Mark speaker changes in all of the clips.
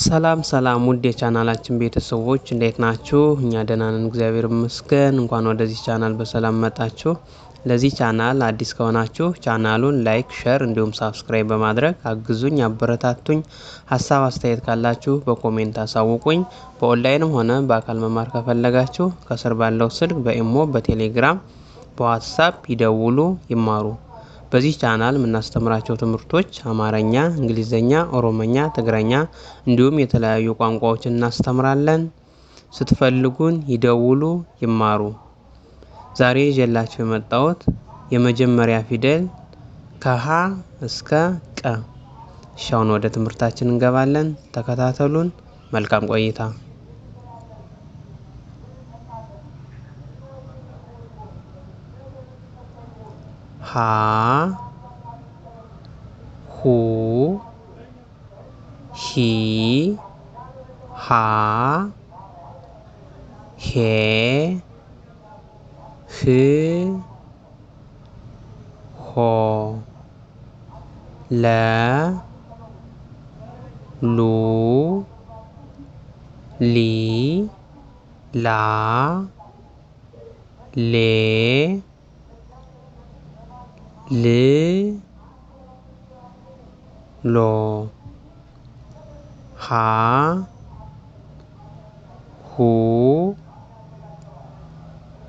Speaker 1: ሰላም ሰላም ውድ የቻናላችን ቤተሰቦች እንዴት ናችሁ? እኛ ደህና ነን፣ እግዚአብሔር ይመስገን። እንኳን ወደዚህ ቻናል በሰላም መጣችሁ። ለዚህ ቻናል አዲስ ከሆናችሁ ቻናሉን ላይክ፣ ሸር እንዲሁም ሳብስክራይብ በማድረግ አግዙኝ፣ አበረታቱኝ። ሀሳብ አስተያየት ካላችሁ በኮሜንት አሳውቁኝ። በኦንላይንም ሆነ በአካል መማር ከፈለጋችሁ ከስር ባለው ስልክ በኢሞ በቴሌግራም በዋትሳፕ ይደውሉ፣ ይማሩ። በዚህ ቻናል የምናስተምራቸው ትምህርቶች አማረኛ፣ እንግሊዘኛ፣ ኦሮመኛ፣ ትግረኛ እንዲሁም የተለያዩ ቋንቋዎችን እናስተምራለን። ስትፈልጉን ይደውሉ፣ ይማሩ። ዛሬ ይዤላቸው የመጣሁት የመጀመሪያ ፊደል ከሀ እስከ ቀ። እሻውን ወደ ትምህርታችን እንገባለን። ተከታተሉን። መልካም ቆይታ
Speaker 2: 哈，虎，喜，哈，嘿，呼，火，了，鲁，里，拉，勒。ሌ ሎ ሀ ሁ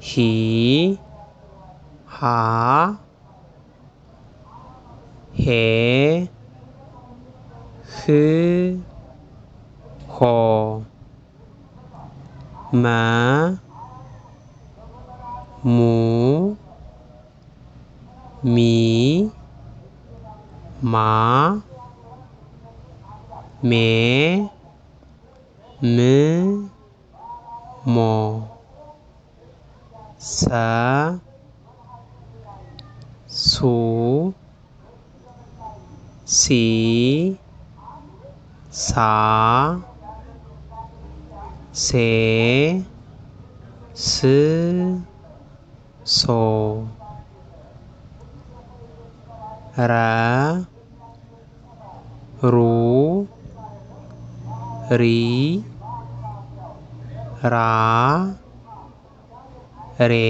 Speaker 2: ሂ ሃ ሄ ህ ሆ መ ሙ 미, 마, 매, 느, 모, 사, 소, 시, 사, 세, 스, 소. ራ ሩ ሪ ራ ሬ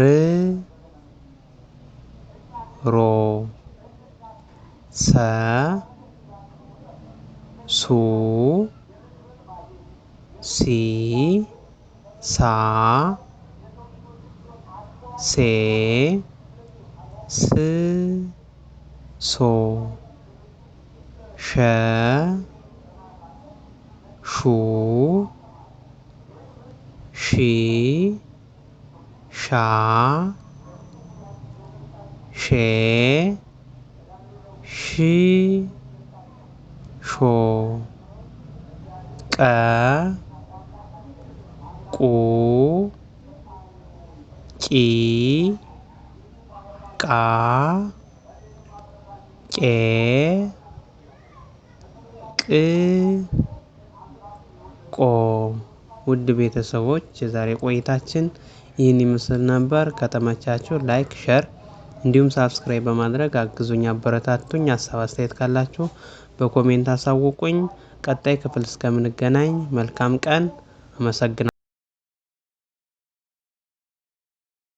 Speaker 2: ር ሮ ሰ ሱ ሲ ሳ ሴ 丝、索、蛇、鼠、水、蛇、水、鼠、二、五、七。ቃ ቄ ቅ ቆ ውድ ቤተሰቦች የዛሬ ቆይታችን ይህን ይመስል ነበር። ከተመቻችሁ ላይክ፣ ሸር እንዲሁም ሳብስክራይብ በማድረግ አግዙኝ፣ አበረታቱኝ። ሀሳብ አስተያየት ካላችሁ በኮሜንት አሳውቁኝ። ቀጣይ ክፍል እስከምንገናኝ መልካም ቀን። አመሰግናለሁ።